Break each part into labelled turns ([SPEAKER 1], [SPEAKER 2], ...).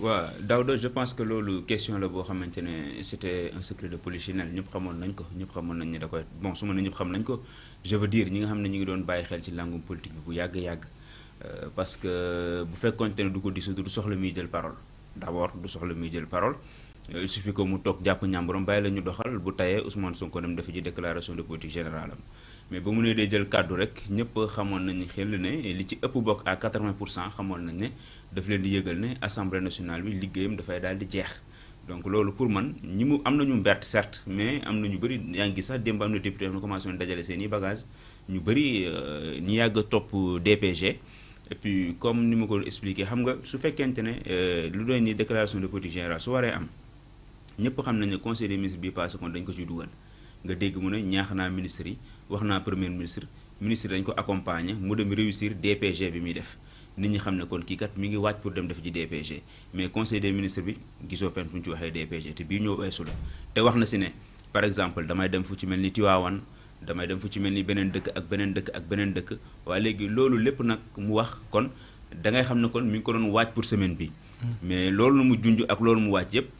[SPEAKER 1] waaw Daouda je pense que loolu question le boo xamante c'était un secret de polichinelle ñëpp xamoon nañ ko ñëpp xamoon nañ ne da koy bon su ma ne ñëpp xam nañ ko je veux dire ni nga xam ni ñu ngi doon bàyyi xel ci langum politique bi bu yàgg yàgg euh, parce que bu fekkoonte ne du ko dissoudre du soxla muy de parole d'abord du soxla muy de parole il suffit que mu toog jàpp ñàmburam bàyyi la ñu doxal bu tayee Ousmane Sonko dem dafa ji déclaration de politique générale mais ba mu ne dee jël kàddu rek ñëpp xamoon nañu xel ne li ci ëpp bokk à 80 pour cent xamoon nañ ne daf leen di yëgal ne assemblée nationale bi liggéeyam dafay daal di jeex. donc loolu pour man ñi mu am nañu mbert certes mais am na ñu bëri yaa ngi sax démb am na député am na commencé dajale seeni i bagage ñu bëri euh, ñu yàgg a topp DPG. et puis comme ni ma ko expliqué xam nga su fekkente ne euh, lu doon ni déclaration de politique générale su waree am. ñëpp xam nañ ne conseil des ministres bi passé kon dañ ko ciy dugal nga dégg mu ne ñaax naa ministre yi wax naa premier ministre ministre dañ ko accompagner mu dem réussir DPG bi muy def nit ñi xam ne kon kii kat mi ngi waaj pour dem def ci DPG mais conseil des ministres bi gisoo fenn fu ñu ci waxee DPG te bii ñoo weesu te wax na si ne par exemple damay dem fu ci mel ni Tiwaawan damay dem fu ci mel ni beneen dëkk ak beneen dëkk ak beneen dëkk waaye léegi loolu lépp nag mu wax kon da ngay xam ne kon mi ngi ko doon waaj pour semaine bi hmm. mais loolu mu junj ak loolu mu waaj yëpp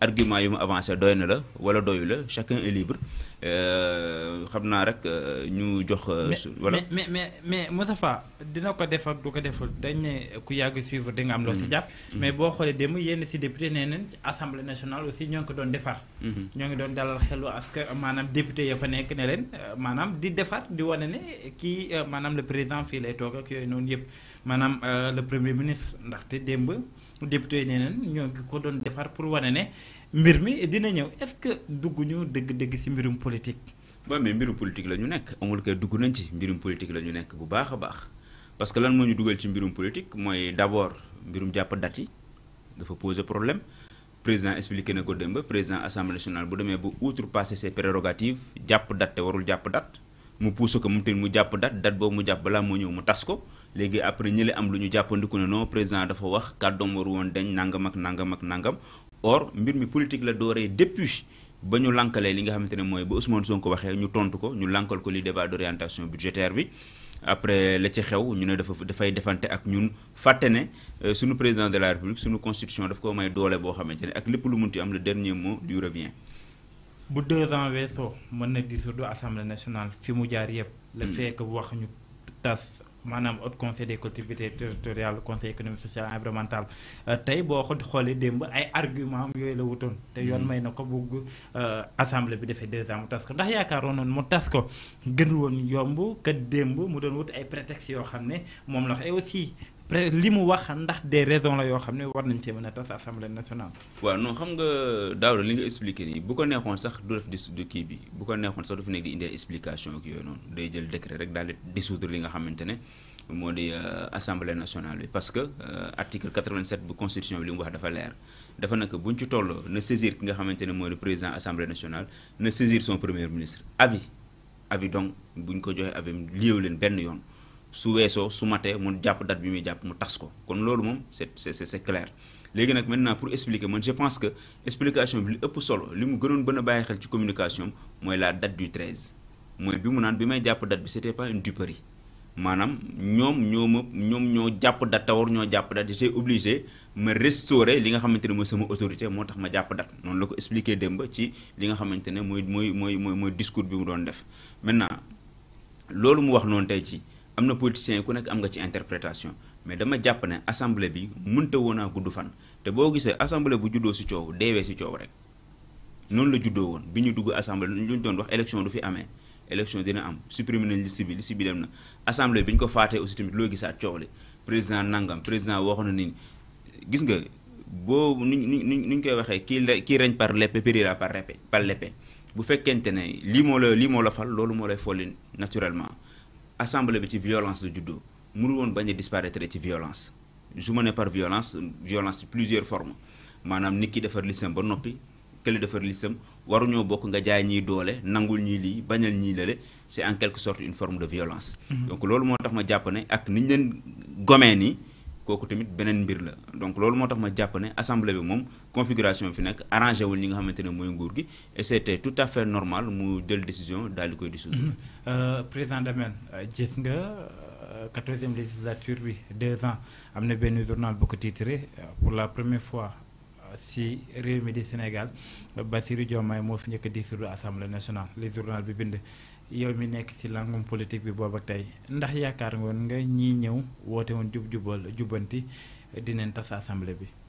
[SPEAKER 1] argument yum mu avancé doy la wala doyu la chacun est libre euh xamna rek euh, ñu jox. Euh, voilà
[SPEAKER 2] mais mais mais Moustapha dina ko def ak du ko deful dañ ne ku yàgg suivre di nga am lo ci japp mais bo xolé dem yenn ci député nee ci assemblée nationale aussi ñoo ko doon defar. Mm-hmm. ñoo ngi doon dalal xelu askan manam député ya fa nek ne leen euh, maanaam di defar di wane né ki manam le président fii lay tok ak yoy non yëpp manam le premier ministre ndaxte démb. député yi nee nañ ñoo ngi ko doon defar pour wane ne mbir mi dina ñëw est-ce que dugg ñu dëgg-dëgg ci mbirum politique.
[SPEAKER 1] waaw mais mbirum politique la ñu nekk amul dugg nañ ci mbirum politique la ñu nekk bu baax a baax parce que lan moo ñu dugal ci mbirum politique mooy d'abord mbirum jàpp date yi dafa poser problème président expliqué na ko démb président assemblée nationale bu demee ba outrepasser ses prérogatives jàpp dat te warul jàpp dat mu pousse ko mu tamit mu jàpp date date boobu mu jàpp balaa moo ñëw mu tas ko. léegi après ñi am luñu jappandiku né non président dafa wax kàddoom war won dañ nangam ak nangam ak nangam or mbir mi politique la doré depuis ba ñu lankalee li nga xamante moy ba Ousmane Sonko waxé ñu tontu ko ñu lankal ko li débat d'orientation budgétaire bi après la ci xew ñu né dafa dafay défanté ak ñun faté né euh, suñu président de la république suñu constitution daf ko may doole bo xamante ne ak lépp lu munti am le dernier mot du revient.
[SPEAKER 2] bu deux ans wesso mën na dissoudre assemblée nationale fi mu jaar yépp le hmm. fait que wax ñu tas maanaam haut conseil des collectivités territoriales conseil économique social environnemental euh, tey boo ko xoolee démb ay argument am yooyu la wutoon te yoon mm-hmm. may na ko bugg euh, assemblée bi defee deux ans mu tas ko ndax yaakaaroon noonu mu tas ko gën woon yomb kat démb mu doon wut ay prétexte yoo xam ne moom la wax et aussi pré li mu wax ndax des raisons la yoo xam ne war nañ cee mën a tas assemblée nationale.
[SPEAKER 1] waaw non xam nga daaw li nga expliqué nii bu ko neexoon sax du def du kii bi bu ko neexoon sax du fi nekk di indi explication ak yooyu noonu day jël décret rek daal di dissoudre li nga xamante ne moo di euh, assemblée nationale bi parce que euh, article 87 bu constitution bi li mu wax dafa leer dafa nag buñ ci tolloo na saisir ki nga xamante ne mooy le président assemblée nationale na saisir son premier ministre avis avis donc buñ ko joxee avis liew leen benn yoon su weesoo su matee mu jàpp date bi muy jàpp mu tas ko kon c'est c'est c'est clair léegi nag maintenant pour expliquer man je pense que explication bi li solo li mu gënoon bën xel ci communication Moi, la date du 13 Moi, bi mu naan bi may date bi c'était pas une duperie manam nyom nyom nyom nyom, ñoo date tawar ñoo jàpp date j'ai obligé me restaurer li nga xamante ne mooy sama autorité moo tax ma jàpp date Non, la ko expliquer démb ci li nga xamante ne mooy mooy mooy mooy discours bi mu def maintenant loolu mu wax noonu tey ci am na politiciens yi ku nekk am nga ci interprétation mais dama jàpp ne assemblée bi mënta woon a gudd fan te boo gisee assemblée bu juddoo si coow deewee si coow rek noonu la juddoo woon bi ñu dugg assemblée lu ñu doon wax élection du fi amee élection dina am supprimer nañ liste bi liste bi dem na assemblée bi ñu ko faatee aussi tamit loo gisaat coow li président nangam président waxoon na nii gis nga boo ni nu nu ñu koy waxee kii la kii reñ par l'épée périra par par l'épée bu fekkente ne lii moo la lii moo la fal loolu moo lay folli naturellement. assemblée de violence de judo, nous woon bañ disparaître ci violence je menais par violence violence de plusieurs formes maanaam nit ki defar listam ba noppi kële defar listam waruñoo bokk nga jaay ñiy doole nangul ñii li, bañal ñii lële c'est en quelque sorte une forme de violence mm-hmm. donc loolu moo ma japonais, ne les gens, leen tamit benen mbir la donc lolou motax ma jàpp assemblée bi mom configuration fi nek arrangé wul ñi nga xamantene moy nguur gi et c'était tout à fait normal mu jël décision dal koy dissoudre. Mhm.
[SPEAKER 2] Euh, président Damel gis nga euh, quatorzième législature bi deux ans amener ben journal bu titré euh, pour la première fois. ci réew mi di Sénégal Bassirou Diomaye moo fi njëkk a dissoudre national nationale li journal bi bind yow mi nekk si langum politique bi booba tey ndax yaakaar ngoon nga ñii ñëw woote woon jub jubal jubbanti dinañ tas assemblée bi.